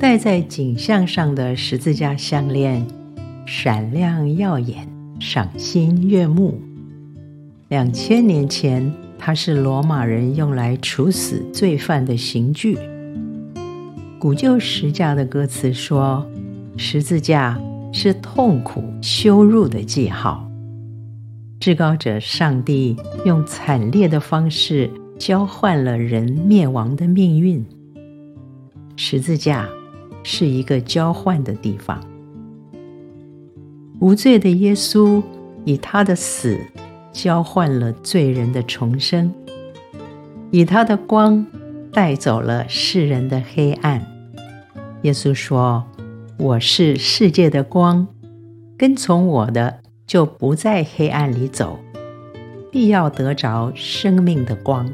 戴在頸項上的十字架項鏈，閃亮耀眼，賞心悅目。兩千年前，它是羅馬人用來處死罪犯的刑具。古舊十架的歌詞說：“十字架是痛苦、羞辱的記號。”至高者上帝用慘烈的方式交換了人滅亡的命運。十字架。是一個交換的地方。無罪的耶穌以他的死交換了罪人的重生，以他的光帶走了世人的黑暗。耶穌說：“我是世界的光，跟從我的就不在黑暗裡走，必要得着生命的光。”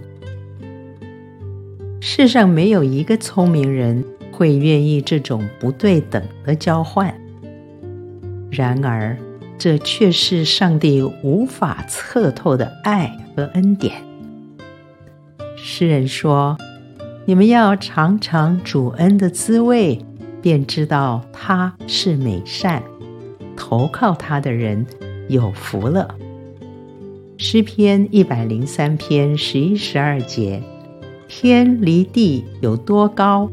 世上沒有一個聰明人。會願意這種不對等的交換，然而這卻是上帝無法測透的愛和恩典。詩人說：“你們要嘗嘗主恩的滋味，便知道他是美善，投靠他的人有福了。”詩篇一百零三篇十一十二節：天離地有多高？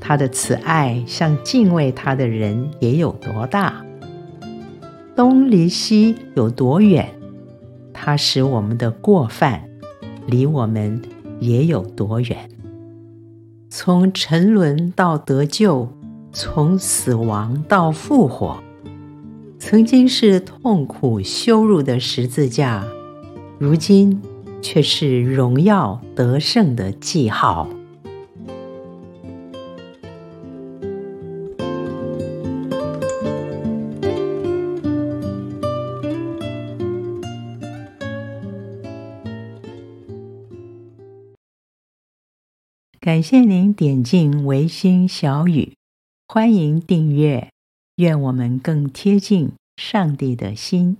他的慈愛像敬畏他的人也有多大東離西有多遠？他使我們的過犯離我們也有多遠？從沉淪到得救，從死亡到復活，曾經是痛苦羞辱的十字架，如今卻是榮耀得勝的記號。感謝您點進維新小語，歡迎訂閱，願我們更貼近上帝的心。